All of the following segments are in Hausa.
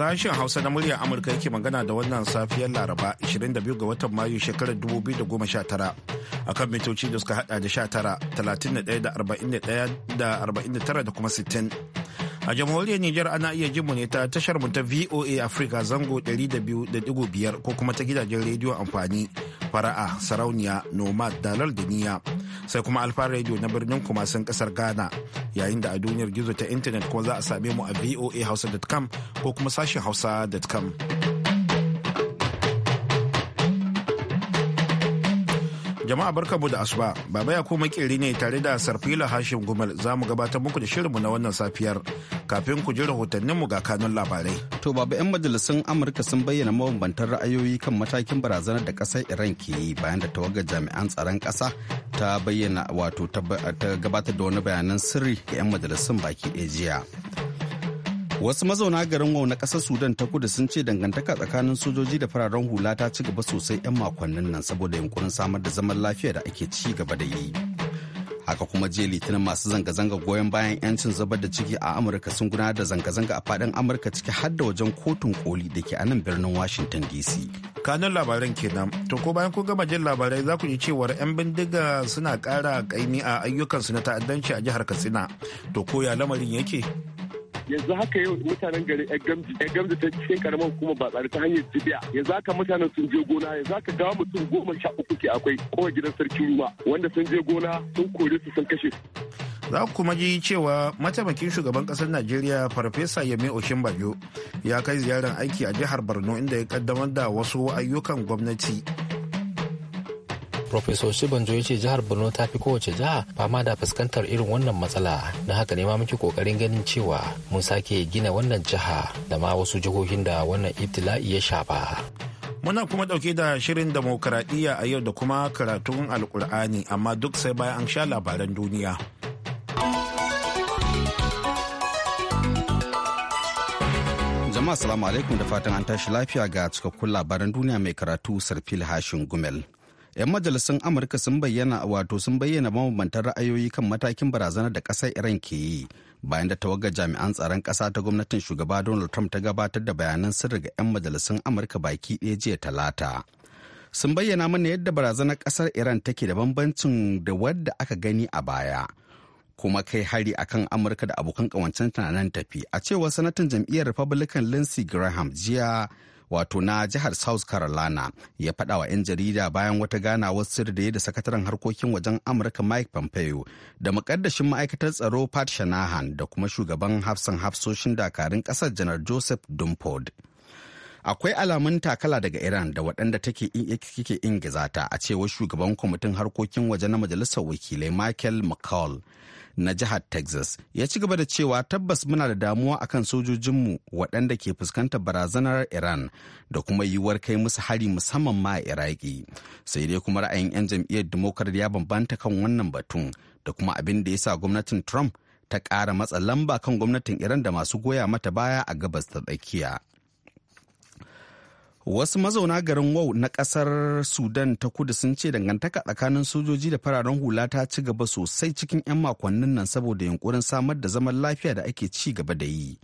Sashen Hausa na muryar Amurka yake magana da wannan safiyar Laraba 22 ga watan Mayu shekarar 2019 akan mitoci da suka hada da 19, 31 da 41 da 49 da kuma 60. A jamhuriyar Nijar ana iya ji mu ne ta tashar mu ta VOA Africa zango 200.5 ko kuma ta gidajen rediyo amfani fara'a sarauniya nomad dalar da niya sai kuma alfa rediyo na birnin kumasin kasar Ghana yayin da a duniyar gizo ta intanet kuma za a same mu a voa voahausa.com ko kuma sashen hausa.com. Jama'a barkamu da asuba, baba ya kuma kiri ne tare da Sarfila Hashim Gumal za mu gabatar muku da shirinmu na wannan safiyar kafin ku ji rahotanninmu ga kanun labarai. To baba 'yan majalisun Amurka sun bayyana mabambantan ra'ayoyi kan matakin barazanar da kasar Iran ke yi bayan da tawagar jami'an tsaron kasa ta bayyana wato ta gabatar da wani bayanan sirri ga 'yan majalisun baki ɗaya jiya. Wasu mazauna garin Wau na ƙasar Sudan ta kudu sun ce dangantaka tsakanin sojoji da fararen hula ta ci gaba sosai 'yan makonnin nan saboda yunkurin samar da zaman lafiya da ake ci gaba da yi. Haka kuma jiya litinin masu zanga-zanga goyon bayan 'yancin zubar da ciki a Amurka sun gudanar da zanga-zanga a faɗin Amurka ciki har da wajen kotun koli da ke a nan birnin Washington DC. kanun labaran kenan to ko bayan kun gama jin labarai za ku ji cewar 'yan bindiga suna ƙara ƙaimi a ayyukansu na ta'addanci a jihar katsina to ko ya lamarin yake yanzu haka yau mutanen gari yan gamji ta cikin karamar kuma ba tsari ta hanyar tibiya yanzu haka mutanen sun je gona yanzu haka gawa mutum goma sha uku ke akwai kowa gidan sarki ruwa wanda sun je gona sun kore su sun kashe su. za ku kuma ji cewa mataimakin shugaban kasar najeriya farfesa yemi oshinbajo ya kai ziyarar aiki a jihar borno inda ya kaddamar da wasu ayyukan gwamnati Professor Shibanjo ya ce jihar Borno ta fi kowace jiha fama da fuskantar irin wannan matsala. Na haka ne ma muke kokarin ganin cewa mun sake gina wannan jiha da ma wasu jihohin da wannan ibtila'i ya shafa. Muna kuma dauke da shirin demokradiyya a yau da kuma karatun alkur'ani amma duk sai bayan an sha labaran duniya. Jama'a salamu alaikum da fatan an tashi lafiya ga cikakkun labaran duniya mai karatu Sarfil Hashin Gumel. 'yan majalisun amurka sun bayyana wato sun bayyana mabambantan ra'ayoyi kan matakin barazanar da ƙasar iran ke yi bayan da tawaga jami'an tsaron ƙasa ta gwamnatin shugaba donald trump ta gabatar da bayanan sirri ga 'yan majalisun amurka baki ɗaya jiya talata sun bayyana mana yadda barazanar ƙasar iran take da bambancin da wadda aka gani a baya kuma kai hari akan amurka da abokan ƙawancen na nan tafi a cewar sanatan jam'iyyar republican lindsey graham jiya wato na jihar south carolina ya faɗa wa 'yan jarida bayan wata ganawar sirri da ya da sakataren harkokin wajen amurka mike pompeo da mukaddashin ma'aikatar tsaro pat shanahan da kuma shugaban hafsan hafsoshin dakarun ƙasar janar joseph dumford akwai alamun takala daga iran da waɗanda take kike ingiza a cewar shugaban kwamitin harkokin waje na majalisar wakilai michael mccall na jihar Texas ya ci gaba da cewa tabbas muna da damuwa akan sojojinmu waɗanda ke fuskantar barazanar Iran da kuma yiwuwar kai musu hari musamman ma a Iraki. Sai dai kuma ra'ayin 'yan jam'iyyar Democrat ya bambanta kan wannan batun da kuma abin da ya sa gwamnatin Trump ta ƙara matsa lamba kan gwamnatin Iran da masu goya mata baya a gabas ta tsakiya. wasu mazauna garin wau na kasar sudan ta kudu sun ce dangantaka tsakanin sojoji da fararen hula ta ci gaba sosai cikin 'yan makonnin nan saboda yunkurin samar da zaman lafiya da ake ci gaba da yi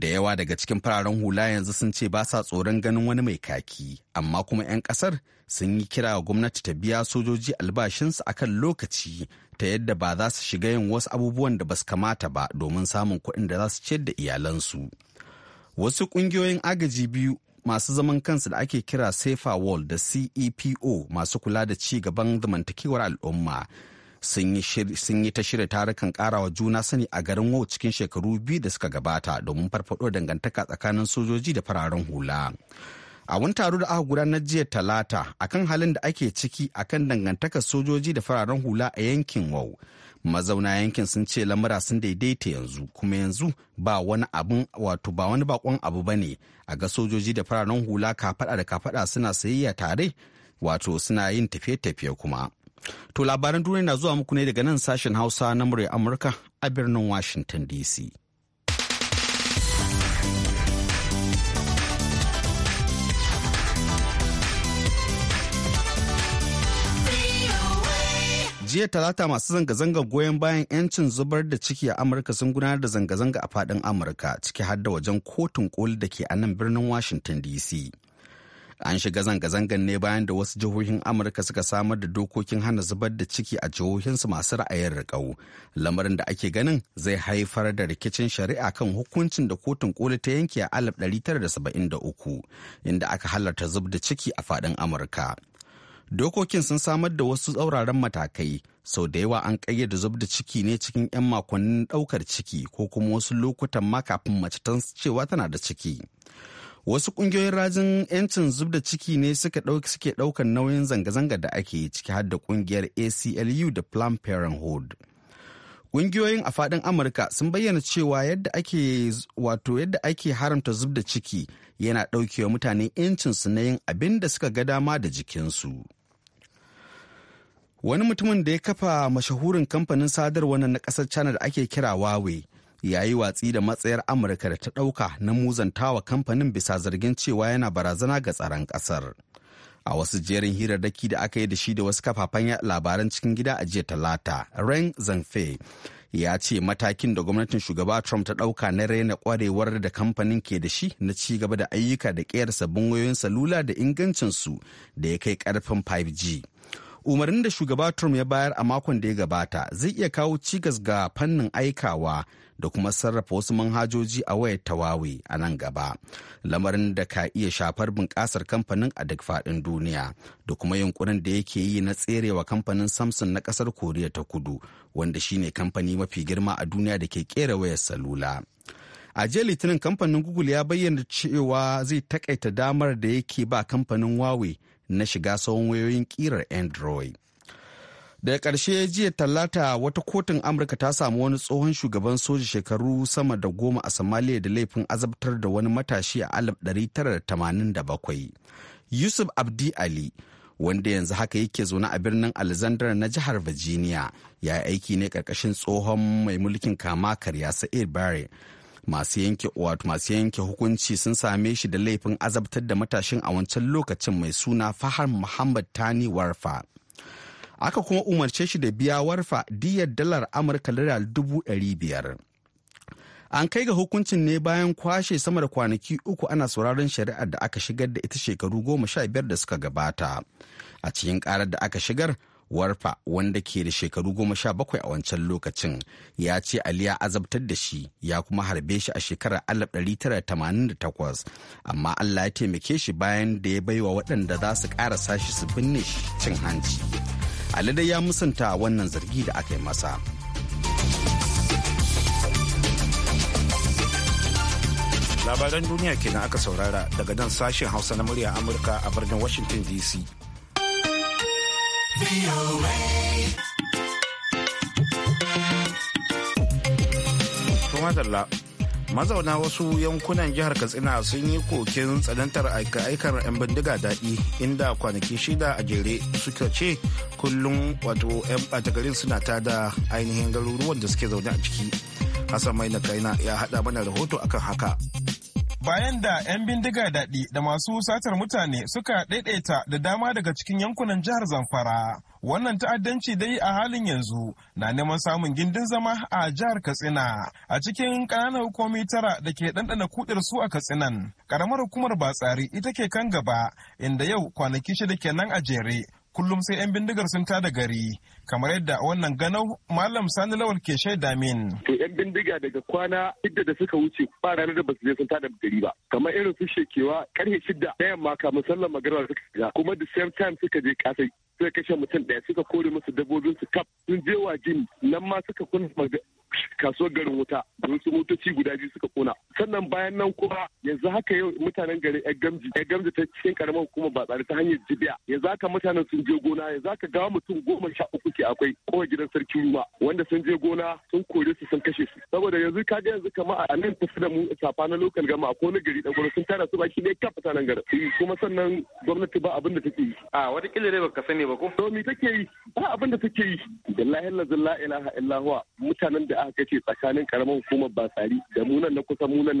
da yawa daga cikin fararen hula yanzu sun ce ba sa tsoron ganin wani mai kaki amma kuma 'yan kasar sun yi kira wa gwamnati ta biya sojoji albashinsu akan lokaci ta yadda ba za su shiga yin wasu abubuwan da ba su kamata ba domin samun kuɗin da za su ciyar da iyalansu. wasu ƙungiyoyin agaji biyu masu zaman kansu da ake kira sefa wall da cepo masu kula da ci gaban zamantakewar al'umma sun yi ta shirya tarukan karawa juna sani a garin wau cikin shekaru biyu da suka gabata domin farfado dangantaka tsakanin sojoji da fararen hula a wani taro da aka gudanar jiya talata akan halin da ake ciki akan dangantakar sojoji da fararen hula a yankin wau mazauna yankin sun ce lamura sun daidaita yanzu kuma yanzu ba wani abun wato ba wani bakon abu ba ne a ga sojoji da fararen hula kafaɗa da kafaɗa suna sayayya tare wato suna yin tafiye-tafiye kuma to labaran duniya na zuwa muku ne daga nan sashen hausa na murya amurka a birnin washington dc jiya talata masu zanga-zangar goyon bayan 'yancin zubar da ciki a amurka sun gudanar da zanga-zanga a fadin amurka ciki har da wajen kotun koli da ke a nan birnin washington dc an shiga zanga-zangar ne bayan da wasu jihohin amurka suka samar da dokokin hana zubar da ciki a jihohinsu masu ra'ayin rikau lamarin da ake ganin zai haifar da rikicin shari'a kan hukuncin da kotun koli ta yanke a alif 1973 inda aka halarta zub da ciki a faɗin amurka dokokin sun samar da wasu tsauraran matakai sau da yawa an ƙayyade zub da ciki ne cikin 'yan makonnin ɗaukar ciki ko kuma wasu lokutan ma kafin mace ta cewa tana da ciki wasu ƙungiyoyin rajin 'yancin zub da ciki ne suke ɗaukar nauyin zanga-zanga da ake yi ciki har da ƙungiyar aclu da planned parenthood Ƙungiyoyin a faɗin Amurka sun bayyana cewa yadda ake wato yadda ake haramta zub da ciki yana ɗaukewa mutane 'yancinsu na yin abin da suka ga dama da jikinsu. wani mutumin da ya kafa mashahurin kamfanin sadarwa na kasar china da ake kira huawei ya yi watsi da matsayar amurka da ta ɗauka na muzantawa kamfanin bisa zargin cewa yana barazana ga tsaron ƙasar a wasu jerin hirarraki da aka yi da shi da wasu kafafen labaran cikin gida a jiya talata ren zanfe ya ce matakin da gwamnatin shugaba trump ta ɗauka na raina kwarewar da kamfanin ke da shi na ci gaba da ayyuka da ƙera sabbin wayoyin salula da ingancinsu da ya kai ƙarfin 5g umarnin da shugaba trump ya bayar a makon da ya gabata zai iya kawo cigas ga fannin aikawa da kuma sarrafa wasu manhajoji a wayar tawawe a nan gaba lamarin da ka iya shafar bunƙasar kamfanin a duk faɗin duniya da kuma yunkurin da yake yi na tserewa kamfanin samsung na ƙasar koriya ta kudu wanda shine kamfani mafi girma a duniya da ke kera wayar salula a jiya litinin kamfanin google ya bayyana cewa zai takaita damar da yake ba kamfanin huawei na shiga tsawon wayoyin kirar android daga ƙarshe jiya talata wata kotun amurka ta samu wani tsohon shugaban soja shekaru sama da goma a somalia da laifin azabtar da wani matashi a 1987 yusuf abdi ali wanda yanzu haka yake zaune a birnin alexandra na jihar virginia ya aiki ne ƙarƙashin tsohon mai mulkin kama karya sa'ir bare masu yanke wato masu yanke hukunci sun same shi da laifin azabtar da matashin a wancan lokacin mai suna fahar muhammad tani warfa aka kuma umarce shi da biya warfa diyar dalar amurka lira dubu ɗari biyar an kai ga hukuncin ne bayan kwashe sama da kwanaki uku ana sauraron shari'ar da aka shigar da ita shekaru goma sha biyar da suka gabata a cikin karar da aka shigar warfa wanda ke da shekaru goma sha bakwai a wancan lokacin ya ce ali ya azabtar da shi ya kuma harbe shi a shekarar 1988 amma allah ya taimake shi bayan da ya baiwa waɗanda za su ƙarasa shi su binne shi cin hanci ali dai ya musanta wannan zargi da aka yi masa labaran duniya kenan aka saurara daga nan sashen hausa na murya amurka a birnin washington dc mazauna wasu yankunan jihar katsina sun yi kokin tsanantar aika-aikar 'yan bindiga daɗi inda kwanaki shida a jere suka ce kullum wato 'yan ɓatagarin suna ta da ainihin garuruwan da suke zaune a ciki hassan mai na kaina ya haɗa mana rahoto akan haka bayan da 'yan bindiga daɗi da masu satar mutane suka ɗaiɗaita da dama daga cikin yankunan jihar zamfara wannan ta'addanci dai a halin yanzu na neman samun gindin zama a jihar katsina a cikin ƙananan hukumi tara da ke ɗanɗana kuɗir su a katsinan ƙaramar hukumar batsari ita ke kan gaba inda yau kwanaki shida kenan a jere kullum sai 'yan bindigar sun tada gari kamar yadda wannan ganau malam sani lawal ke shaida min. to 'yan bindiga daga kwana idda da suka wuce ba ranar da basu je sun tada gari ba kamar irin su shekewa karfe shidda da yamma kamun sallar magana suka shiga kuma the same time suka je kasai suka kashe mutum daya suka kore musu dabbobin su kaf sun je wa jini nan ma suka kunna kasuwar garin wuta don su motoci guda biyu suka kona sannan bayan nan kuma yanzu haka yau mutanen garin yar gamji gamji ta cikin karamar hukumar ba tsare ta hanyar jibiya yanzu haka mutanen sun je gona yanzu haka gawa mutum goma sha uku ke akwai kowa gidan sarki ruwa wanda sun je gona sun kore su sun kashe su saboda yanzu ka ga yanzu kamar a nan tafi da mu safa na lokal gama a kowane gari da gurin sun tara su baki ne kan mutanen garin eh, kuma sannan gwamnati ba abin da take yi a wata kila dai baka sani ba ko to me take yi ba abin da take yi billahi lazilla ilaha illahuwa mutanen da aka ta ce tsakanin karamin hukumar basari da munan na kusa munan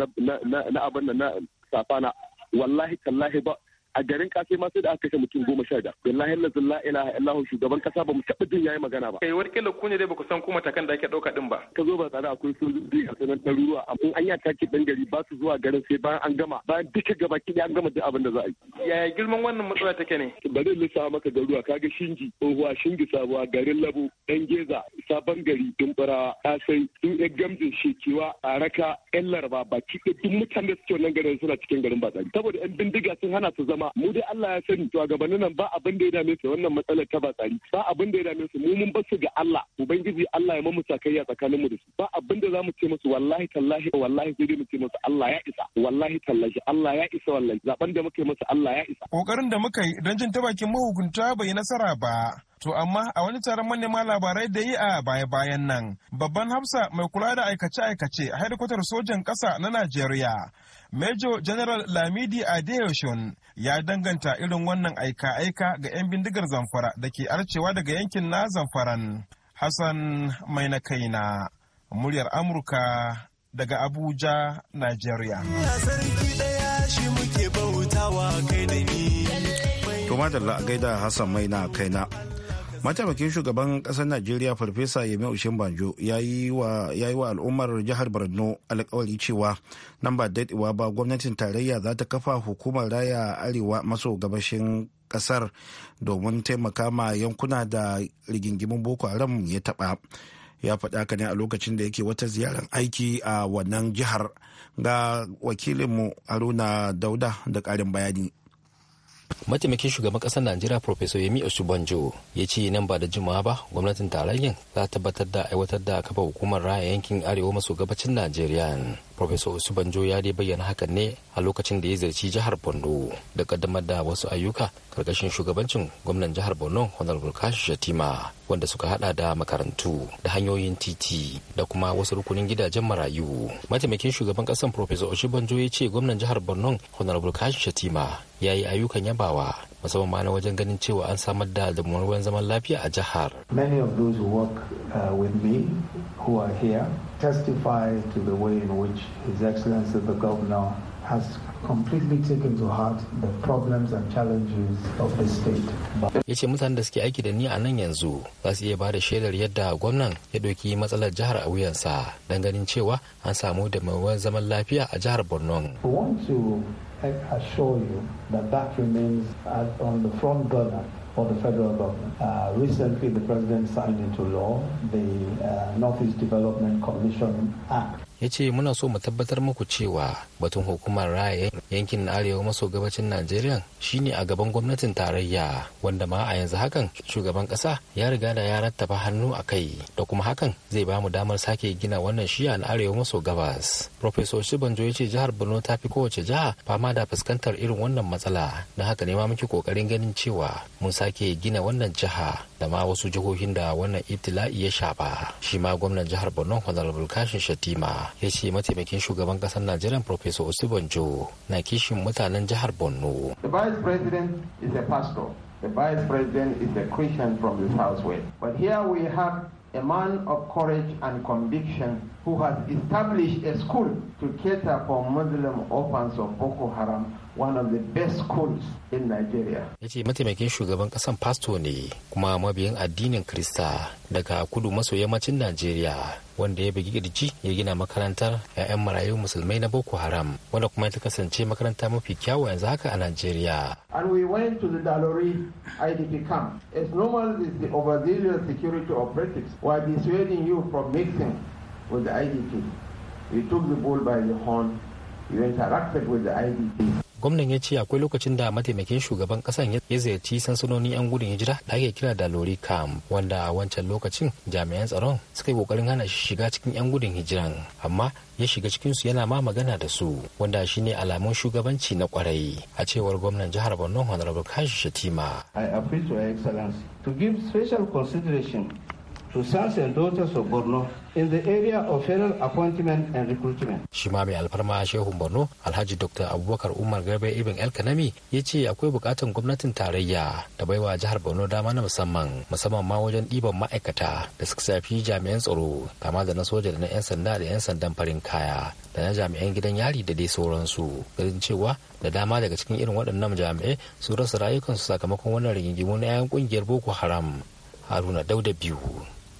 na abin na safana wallahi tallahi ba a garin kafe ma sai da aka kashe mutum goma sha da wallahi lazin la ilaha illahu shugaban kasa ba mu taɓa jin yayi magana ba eh wani kila ku dai ba ku san kuma takan da ake ɗauka din ba ka zo ba tsare akwai sojoji a sanar ruwa amma an yi ataki ɗan gari ba su zuwa garin sai bayan an gama bayan duka gaba ɗaya an gama duk abin da za a yi yaya girman wannan matsala take ne bari lissa maka garuwa kaga shinji tsohuwa shinji sabuwa garin labo dan geza sabon gari dumbura kasai sun ya gamjin shekewa a raka yan laraba baki duk mutane suke wannan garin suna cikin garin ba saboda yan bindiga sun hana su zama mu dai Allah ya sani to gabanin nan ba abin da ya dame su wannan matsalar ta ba ba abin da ya dame su mu mun basu ga Allah ubangiji Allah ya mamu sakayya tsakanin mu da su ba abin da zamu ce musu wallahi tallahi wallahi sai dai mu ce musu Allah ya isa wallahi tallahi Allah ya isa wallahi zaben da muka yi musu Allah ya isa kokarin da muka yi don jin ta bakin mahukunta bai nasara ba To amma a wani taron manema labarai da yi a baya-bayan nan, babban hafsa mai kula da aikace-aikace a hedikwatar sojan ƙasa na Najeriya, Major General Lamidi Adeoshun ya danganta irin wannan aika-aika ga 'yan bindigar zamfara da ke arcewa daga yankin na zamfaran. Hassan Mainakaina, muryar Amurka daga Abuja, Nigeria. To madalla a gaida Hassan Maina kaina. mataimakin shugaban kasar najeriya farfesa yemi ushin banjo ya yi wa al'ummar jihar borno alkawari cewa nan ba daɗewa ba gwamnatin tarayya za ta kafa hukumar raya arewa maso gabashin kasar domin taimaka ma yankuna da rigingimin boko haram ya taɓa ya faɗa ka ne a lokacin da yake wata ziyarar aiki a wannan jihar ga wakilinmu haruna dauda da ƙarin bayani mataimakin shugaban ƙasar najeriya professor yemi osubanjo ya ce nan ba da jimawa ba gwamnatin tarayyar za ta tabbatar da aiwatar da kafa hukumar raya yankin arewa maso gabacin najeriya Profesor Usubanjo ya dai bayyana hakan ne a lokacin da ya ziyarci jihar Borno da kaddamar da wasu ayyuka karkashin shugabancin gwamnan jihar Borno Honorable Kashi Shatima wanda suka hada da makarantu da hanyoyin titi da kuma wasu rukunin gidajen marayu. Mataimakin shugaban kasan Profesor Usubanjo ya ce gwamnan jihar Borno Honorable Kashi Shatima ya yi ayyukan yabawa musamman ma na wajen ganin cewa an samar da damuwar zaman lafiya a jihar. Many of those who work uh, with me who are here testify to the way in which His Excellency the Governor has completely taken to heart the problems and challenges of the state. Ya ce mutanen da suke aiki da ni a nan yanzu za su iya ba da shaidar yadda gwamnan ya ɗauki matsalar jihar a wuyansa don ganin cewa an samu da zaman lafiya a jihar Borno. We want to assure you that that remains on the front burner for the federal government. Uh, recently, the president signed into law the uh, Northeast Development Commission Act. ya ce muna so mu tabbatar muku cewa batun hukumar raya yankin na arewa maso gabacin najeriya shine a gaban gwamnatin tarayya wanda ma a yanzu hakan shugaban kasa ya riga da ya rattaba hannu a kai da kuma hakan zai ba mu damar sake gina wannan shiya na arewa maso gabas professor shibanjo ya ce jihar borno ta fi kowace jiha fama da fuskantar irin wannan matsala na haka ne ma muke kokarin ganin cewa mun sake gina wannan jiha da ma wasu jihohin da wannan itila'i ya shafa shi ma gwamnan jihar borno honorable kashin shatima ya ce mataimakin shugaban kasar najeriya professor osibanjo na kishin mutanen jihar borno the vice president is a pastor the vice president is a christian from the southwest but here we have a man of courage and conviction who has established a school to cater for muslim orphans of boko haram one of the best schools in Nigeria. Ya ce mataimakin shugaban kasan pasto ne kuma mabiyin addinin Krista daga kudu maso yammacin Najeriya wanda ya bugi kirji ya gina makarantar 'ya'yan marayu musulmai na Boko Haram wanda kuma ta kasance makaranta mafi kyawu yanzu haka a Najeriya. And we went to the Dalori IDP camp. As normal as the overzealous security operatives were dissuading you from mixing with the IDP. We took the bull by the horn. You interacted with the IDP. gwamnan ya ce akwai lokacin da mataimakin shugaban kasan ya ziyarci sansanonin yan gudun hijira da ake kira da lori camp wanda a wancan lokacin jami'an tsaron suka yi kokarin hana shi shiga cikin yan gudun hijiran amma ya shiga cikinsu yana ma magana da su wanda shine alamun shugabanci na kwarai a cewar gwamnan jihar borno honorable kashi shatima i appeal to your excellency to give special consideration to sons and daughters of Borno in the area of federal appointment and recruitment. Shi ma mai alfarma shehu Borno Alhaji Dr. Abubakar Umar garbe Ibn El Kanami ya ce akwai bukatun gwamnatin tarayya da baiwa jihar Borno dama na musamman musamman ma wajen ɗiban ma'aikata da suka shafi jami'an tsaro kama da na soja da na 'yan sanda da 'yan sandan farin kaya da na jami'an gidan yari da dai sauransu garin cewa da dama daga cikin irin waɗannan jami'ai su rasa rayukansu sakamakon wannan rigingimu na 'yan ƙungiyar Boko Haram Haruna Dauda biyu.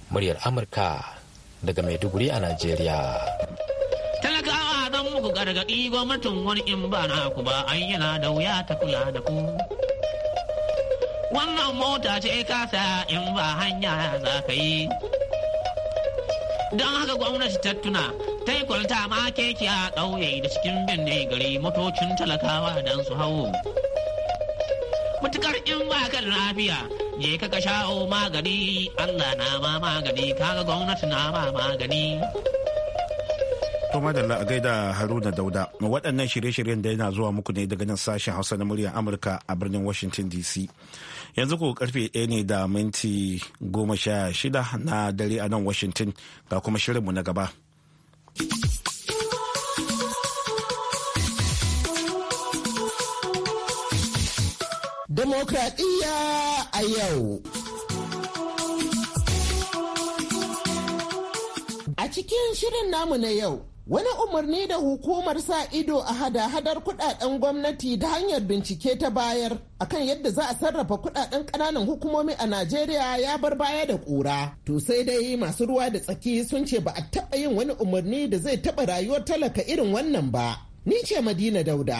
muryar amurka daga maiduguri a najeriya talakawa don muku gargaɗi gwamnatin wani in na ku ba da wuya ta kula da ku wannan mota ce kasa in ba hanya za ka yi don haka gwamnati ta tuna ta yi kwalta ma keke a ƙauye da cikin binne gari motocin talakawa don su hau mutukar in ba ka lafiya je ka sha'o magani Allah na ma magani kaga gwamnati na ma magani To madalla a gaida Haruna Dauda, waɗannan shirye-shiryen da yana zuwa muku ne daga nan sashen Hausa na muryar Amurka a birnin Washington DC. Yanzu ku karfe ɗaya ne da minti goma sha shida na dare a nan Washington ga kuma shirinmu na gaba. Demokradiyya a yau. A cikin shirin namu na yau, wani umarni da hukumar sa ido a hada-hadar kudaden gwamnati da hanyar bincike ta bayar akan yadda za a sarrafa kudaden kananan hukumomi a najeriya ya bar baya da kura to sai dai masu ruwa da tsaki sun ce ba a taɓa yin wani umarni da zai taɓa rayuwar talaka irin wannan ba ni ce madina dauda.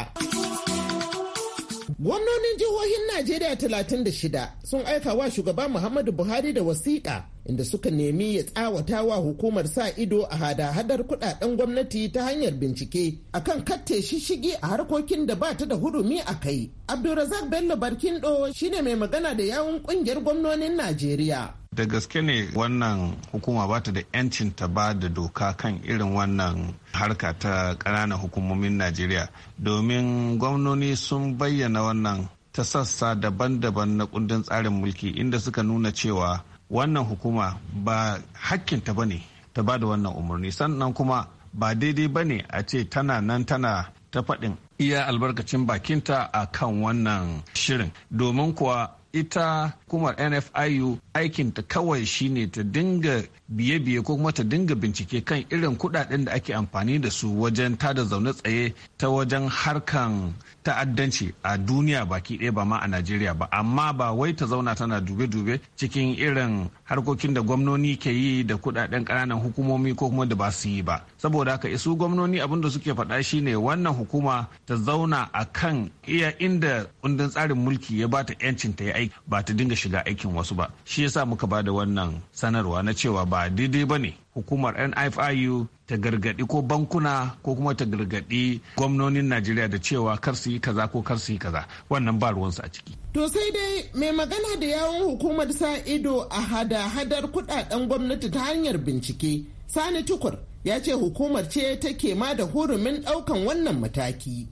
Gwamnonin jihohin Najeriya 36 sun aika wa shugaba Muhammadu Buhari da wasiƙa inda suka nemi ya tsawata wa hukumar sa ido a hada-hadar kudaden gwamnati ta hanyar bincike akan katte shishigi a harkokin da bata da hudumi a kai. Abdulrazak Bello Barkindo shine mai magana da yawun kungiyar gwamnonin Najeriya. Da gaske ne wannan hukuma bata da 'yancin ta ba da doka kan irin wannan harka ta ƙananan hukumomin Najeriya domin gwamnoni sun bayyana wannan ta sassa daban-daban na kundin tsarin mulki inda suka nuna cewa wannan hukuma ba hakkinta ba ne ta ba da wannan umarni sannan kuma ba daidai ba ne a ce tana nan tana ta faɗin iya albarkacin bakinta a kan wannan shirin domin kuwa ita hukumar nfiu aikinta kawai shine ta dinga biye-biye ko kuma ta dinga bincike kan irin kudaden da ake amfani da su wajen ta da zaune tsaye ta wajen harkan ta'addanci a duniya baki ɗaya ba ma a najeriya ba amma ba wai ta zauna tana dube-dube cikin irin harkokin da gwamnoni ke yi da kudaden kananan hukumomi ko kuma da ba su yi ba saboda haka isu gwamnoni abin da suke faɗa shine wannan hukuma ta zauna a kan iya inda kundin tsarin mulki ya ba ta 'yancin ta yi aiki ba ta dinga shiga aikin wasu ba shi yasa muka ba da wannan sanarwa na cewa ba daidai ba ne hukumar NFIU ta gargadi ko bankuna ko kuma ta gargadi gwamnonin Najeriya da cewa kar su yi kaza ko kar su yi kaza wannan ba ruwansu a ciki. To sai dai mai magana da yawon hukumar sa ido a hada-hadar kudaden gwamnati ta hanyar bincike Sani Tukur ya ce hukumar ce take ma da hurumin daukan wannan mataki.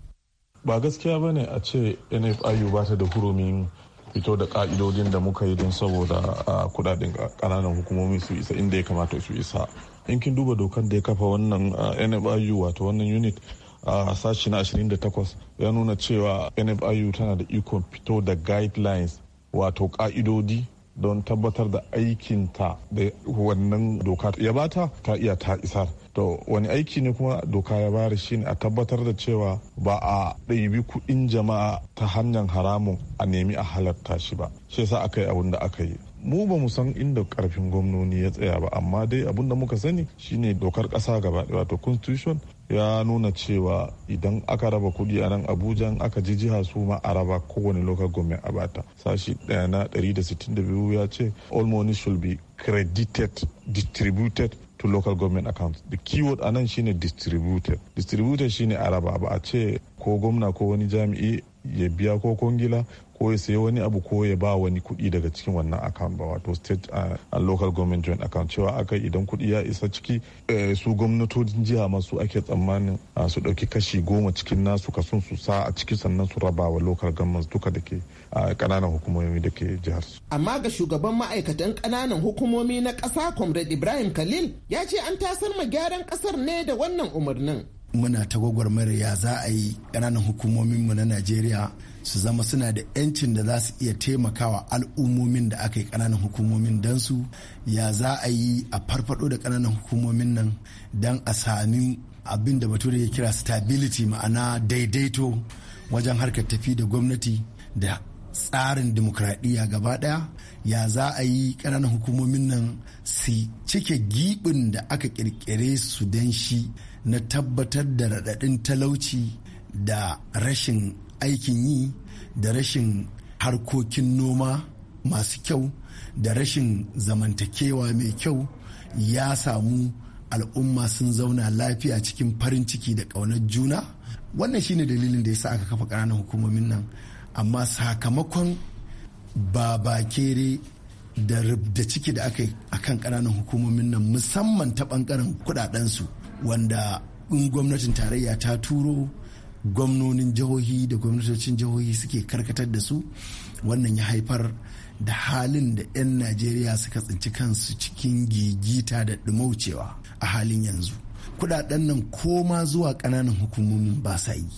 Ba gaskiya bane a ce NFIU ba ta da hurumin fito da ka'idodin da muka yi don saboda kudaden kananan hukumomi su isa inda ya kamata su isa in kin duba dokar da ya kafa wannan nfiu wato wannan unit a sashi na 28 ya nuna cewa nfiu tana da ikon fito da guidelines wato ka'idodi don tabbatar da aikinta da wannan doka ya bata ta iya ta isar to wani aiki ne kuma doka ya bayar ne a tabbatar da cewa ba a ɗabi kuɗin jama'a ta hanyar haramun a nemi a halarta shi ba shi yasa aka yi abin da aka yi mu ba mu san inda karfin gwamnoni ya tsaya ba amma dai abin da muka sani shine dokar ƙasa gaba wato constitution ya nuna cewa idan aka raba kuɗi a nan abuja aka ji jiha su ma a raba kowane local government a bata sashi ɗaya na 162 ya ce all money should be credited distributed to local government account the keyword anan shine distributed distributed shine araba ba a ce ko gwamna ko wani jami'i ya biya ko kongila ko ya sayi wani abu ko ya ba wani kuɗi daga cikin wannan account ba wato state uh, and local government joint account cewa aka idan kuɗi ya isa ciki eh, su gwamnatocin jiha masu ake tsammanin uh, su ɗauki kashi goma cikin nasu kason su sa a ciki sannan su raba wa local government duka da ke uh, ƙananan hukumomi da ke jihar su. amma ga shugaban ma'aikatan ƙananan hukumomi na ƙasa comrade ibrahim khalil ya ce an tasar ma gyaran ƙasar ne da wannan umarnin. muna ta gwagwarmayar ya za a yi ƙananan hukumominmu na najeriya su zama suna da 'yancin da za su iya taimakawa al'ummomin da aka yi ƙananan hukumomin don su ya za a yi a farfado da ƙananan hukumomin nan don a sami abin da bature ya kira stability ma'ana daidaito wajen harkar tafi da gwamnati da tsarin dimokuraɗiyya gaba ɗaya ya za a yi ƙananan hukumomin nan su cike gibin da aka ƙirƙire su don shi na tabbatar da raɗaɗin talauci da rashin aikin yi da rashin harkokin noma masu kyau da rashin zamantakewa mai kyau ya samu al'umma sun zauna lafiya cikin farin ciki da ƙaunar juna wannan shine dalilin da ya sa aka kafa ƙananan hukumomin nan amma sakamakon babakere da ciki da aka yi a kan ƙananan hukumomin nan musamman ta ɓangaren kuɗaɗensu wanda in gwamnatin tarayya ta turo gwamnonin jihohi da gwamnatocin jihohi suke karkatar da su wannan ya haifar da halin da 'yan najeriya suka tsinci kansu cikin gigita da dumaucewa a halin yanzu kudaden nan koma zuwa ƙananan hukumomin ba sa yi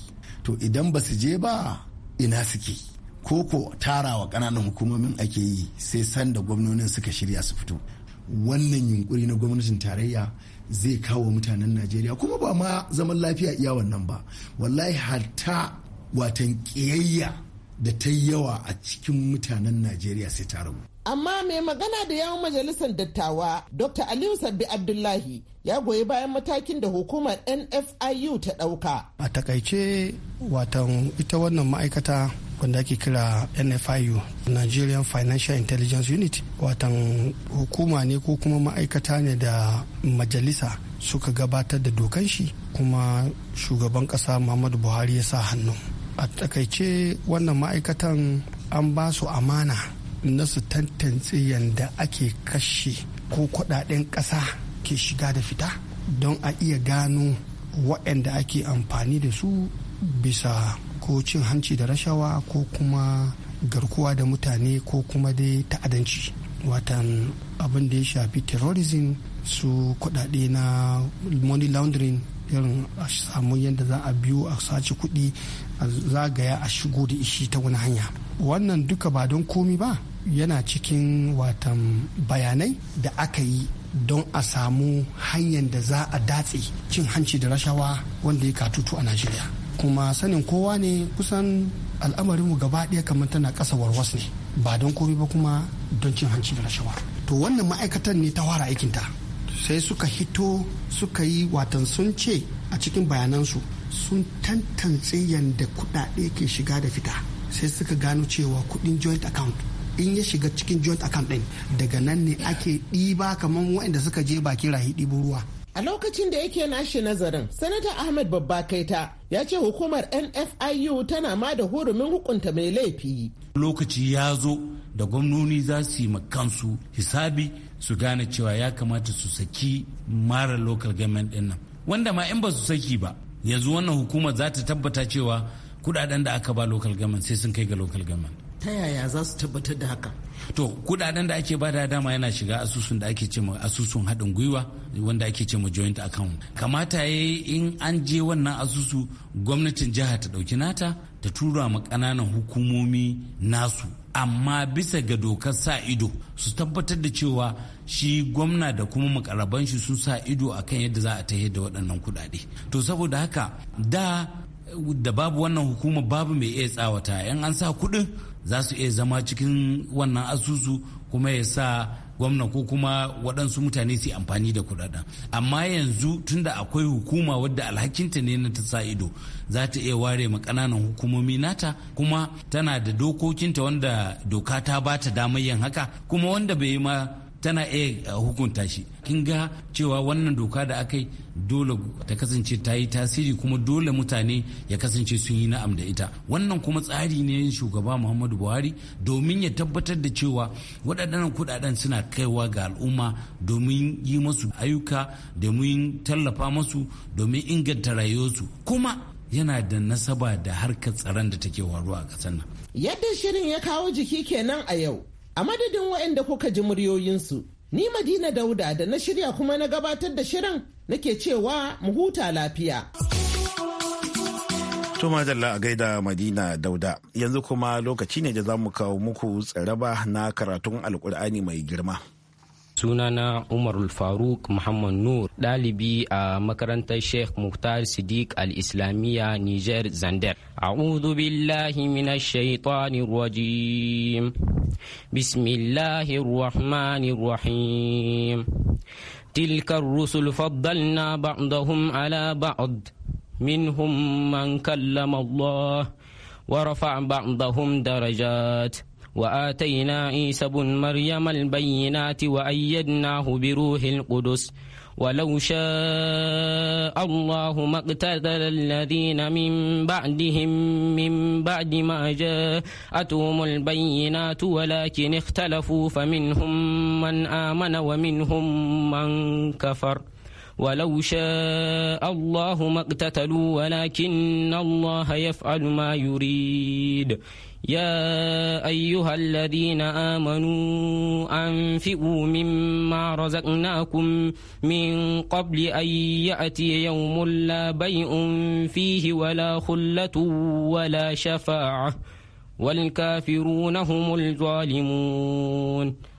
to idan ba su je ba ina suke ko koko tarawa ƙananan hukumomin ake yi sai sanda gwamnonin suka shirya su fito wannan yunkuri na gwamnatin tarayya zai kawo mutanen najeriya kuma ba ma zaman lafiya iya wannan ba wallahi hatta watan kiyayya da ta yawa a cikin mutanen najeriya sai ta rabu amma mai magana da yawon majalisar dattawa dr aliyu sabbi abdullahi ya goyi bayan matakin da hukumar nfiu ta ɗauka a takaice watan ita wannan ma'aikata wanda ake kira nfiu nigerian financial intelligence unit watan hukuma ne ko kuma ma'aikata ne da majalisa suka gabatar da dokan shi kuma shugaban kasa muhammadu buhari ya sa hannu a takaice wannan ma'aikatan an ba su amana na su tantance yadda ake kashe ko kudaden ƙasa ke shiga da fita don a iya gano waɗanda ake amfani da su bisa ko cin hanci da rashawa ko kuma garkuwa da mutane ko kuma dai ta'adanci watan abin da ya shafi terrorism su kudade na money laundering irin a samu yadda za a biyo a sace kuɗi a zagaya a shigo da ishi ta wani hanya wannan duka ba don komi ba yana cikin watan bayanai da aka yi don a samu hanyar da za a datse cin hanci da rashawa wanda ya katutu a najeriya kuma sanin kowa ne kusan al'amarinmu gaba ɗaya kamar tana ƙasa warwas ne ba don komai ba kuma don cin hanci da rashawa to wannan ma'aikatan ne ta fara aikinta sai suka hito suka yi watan sun ce a cikin bayanansu sun tantance yadda kuɗaɗe ke shiga da fita sai suka gano cewa kuɗin joint account in ya shiga cikin joint account din daga nan ne ake ɗiba kamar waɗanda suka je bakin rahi ɗibo ruwa a lokacin da yake nashi nazarin sanata ahmed babba kaita ya ce hukumar nfiu tana ma da hurumin hukunta mai laifi lokaci ya zo da gwamnoni za su yi kansu hisabi su gane cewa ya kamata su saki mara local government din nan wanda ma in ba su saki ba yanzu wannan hukumar za ta tabbata cewa kudaden da aka ba local government sai sun kai ga local government ta yaya za su tabbatar da haka to kudaden da ake bada dama yana shiga asusun da ake cewa asusun haɗin gwiwa wanda ake cewa joint account kamata ya in an je wannan asusu gwamnatin jiha ta ɗauki nata ta tura ma ƙananan hukumomi nasu amma bisa ga dokar sa ido su tabbatar da cewa shi gwamna da kuma makaraban shi sun sa ido akan yadda za a ta da waɗannan kuɗaɗe to saboda haka da da babu wannan hukuma babu mai iya tsawata yan an sa kuɗin za su iya zama cikin wannan asusu kuma ya sa gwamna ko kuma waɗansu mutane su amfani da kuɗaɗen amma yanzu tunda akwai hukuma wadda alhakinta ne na ta sa ido za ta iya ware ma ƙananan hukumomi nata kuma tana da dokokinta wanda doka ta ba ta damar yin haka kuma wanda bai yi ma tana iya eh, hukunta shi kin ga cewa wannan doka da aka yi dole ta kasance ta yi tasiri kuma dole mutane ya kasance sun yi na'am da ita wannan kuma tsari ne shugaba muhammadu buhari domin ya tabbatar da cewa waɗannan kuɗaɗen suna kaiwa ga al'umma domin yi masu ayyuka domin tallafa masu domin inganta rayuwarsu kuma yana da nasaba da harkar tsaron da take waruwa a ƙasar nan yadda shirin ya kawo jiki kenan a yau A madadin waɗanda kuka ji muryoyinsu, ni Madina Dauda da na shirya kuma na gabatar da shirin nake cewa mu huta lafiya. To madalla a gaida Madina Dauda, yanzu kuma lokaci ne da za mu kawo muku tsaraba na karatun Alkur'ani mai girma. sunana umar faruk muhammad nur dalibi a makarantar sheikh muhtar siddiq al-islamiyya niger zander a'udhu billahi minash shaitani rajim bismillahir rahmanir rahim tilka ar-rusul faddalna ba'dahum ala ba'd minhum man kallama allah ورفع بعضهم درجات وآتينا عيسى بن مريم البينات وأيدناه بروح القدس ولو شاء الله ما اقتتل الذين من بعدهم من بعد ما جاءتهم البينات ولكن اختلفوا فمنهم من آمن ومنهم من كفر ولو شاء الله ما اقتتلوا ولكن الله يفعل ما يريد يا أيها الذين آمنوا أنفقوا مما رزقناكم من قبل أن يأتي يوم لا بيع فيه ولا خلة ولا شفاعة والكافرون هم الظالمون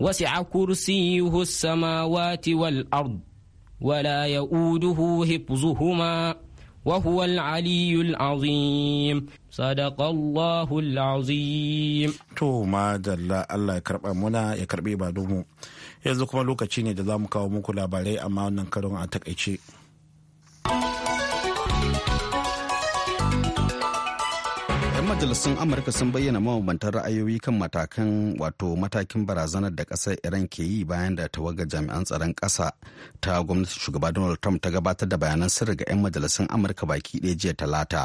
وسع كرسيه السماوات والأرض ولا يؤوده حفظهما وهو العلي العظيم صدق الله العظيم to madalla Allah ya karba muna ya karbi ibadunmu yanzu kuma lokaci ne da zamu kawo muku labarai amma wannan a taƙaice. majalisun amurka sun bayyana mabambantan ra'ayoyi kan matakan wato matakin barazanar da kasar iran ke yi bayan da tawaga jami'an tsaron kasa ta gwamnatin shugaba donald trump ta gabatar da bayanan sirri ga 'yan majalisun amurka baki ɗaya jiya talata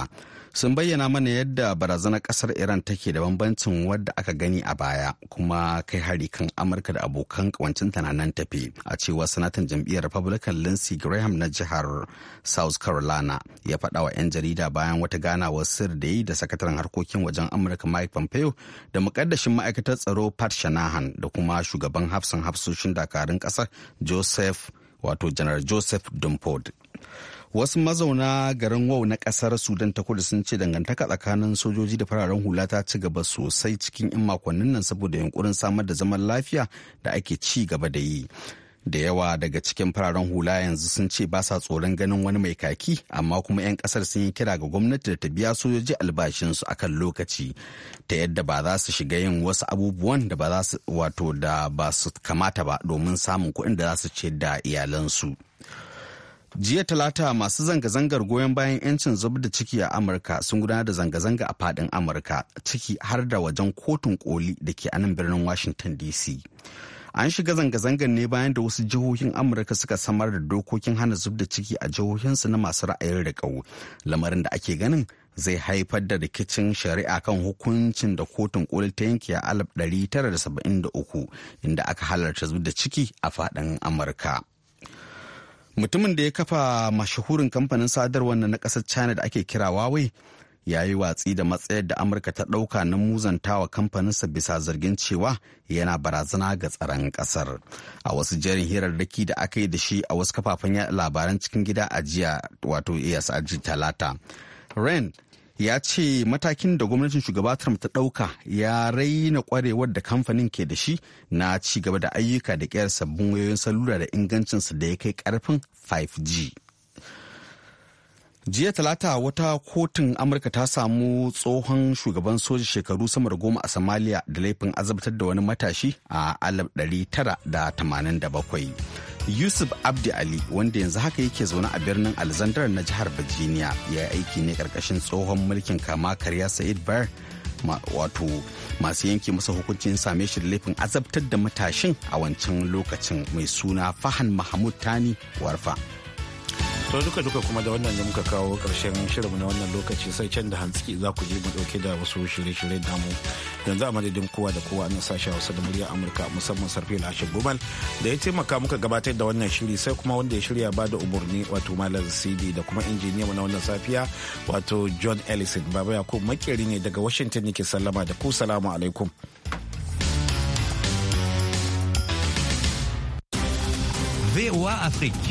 sun bayyana mana yadda barazanar kasar iran take da bambancin wadda aka gani a baya kuma kai hari kan amurka da abokan kawancin na nan tafi a cewa sanatan jam'iyyar republican lindsey graham na jihar south carolina ya faɗa wa 'yan jarida bayan wata ganawar sir da yi da sakataren harkokin wajen amurka mike pompeo da mukaddashin ma'aikatar tsaro pat shanahan da kuma shugaban hafsan hafsoshin dakarun kasar joseph wato janar joseph dunford wasu mazauna garin wau na kasar sudan ta kudu sun ce dangantaka tsakanin sojoji da fararen hula ta ci gaba sosai cikin 'yan makonnin nan saboda yunkurin samar da zaman lafiya da ake ci gaba da yi da yawa daga cikin fararen hula yanzu sun ce ba sa tsoron ganin wani mai kaki amma kuma 'yan kasar sun yi kira ga gwamnati da ta biya sojoji albashinsu a kan lokaci ta yadda ba za su shiga yin wasu abubuwan da ba za su wato da ba su kamata ba domin samun kuɗin da za su ce da iyalansu. jiya talata masu zanga-zangar goyon bayan 'yancin zub da ciki a amurka sun gudanar da zanga-zanga a fadin amurka ciki har da wajen kotun koli da ke anan birnin washington dc an shiga zanga-zangar ne bayan da wasu jihohin amurka suka samar da dokokin hana zub da ciki a jihohinsu na masu ra'ayin riƙau lamarin da ake ganin zai haifar da rikicin shari'a kan hukuncin da kotun koli ta yanke a 1973 inda aka halarta zub da ciki a faɗin amurka. mutumin da ya kafa mashahurin kamfanin sadarwar na kasar china da ake kira Wawai ya yi watsi da matsayar da amurka ta ɗauka na muzantawa kamfaninsa bisa zargin cewa yana barazana ga tsaron ƙasar a wasu jerin hirarraki da aka yi da shi a wasu kafafen labaran cikin gida a jiya wato asr talata ya ce matakin da gwamnatin shugaba Trump ta ɗauka ya raina kwarewar da kamfanin ke da shi na ci gaba da ayyuka da ƙyar sabbin wayoyin salula da ingancinsu da ya kai ƙarfin 5G. jiya talata wata kotun amurka ta samu tsohon shugaban soja shekaru sama da goma a somalia da laifin azabtar da wani matashi a 1987 yusuf abdi ali wanda yanzu haka yake zaune a birnin alexander na jihar virginia ya yi aiki ne karkashin tsohon mulkin kama karya sa'id bar wato masu yanke masa hukuncin same shi da laifin azabtar da matashin a wancan lokacin mai suna fahan mahmud tani warfa to duka duka kuma da wannan da muka kawo karshen shirin na wannan lokaci sai can da hantsi za ku je mu dauke da wasu shirye-shirye mu yanzu a madadin kowa da kowa na sashen hausa da murya amurka musamman sarfi lashin gumal da ya taimaka muka gabatar da wannan shiri sai kuma wanda ya shirya ba da umarni wato malam cd da kuma injiniya na wannan safiya wato john ellison baba yakub makeri ne daga washington yake sallama da ku salamu alaikum VOA Afrique.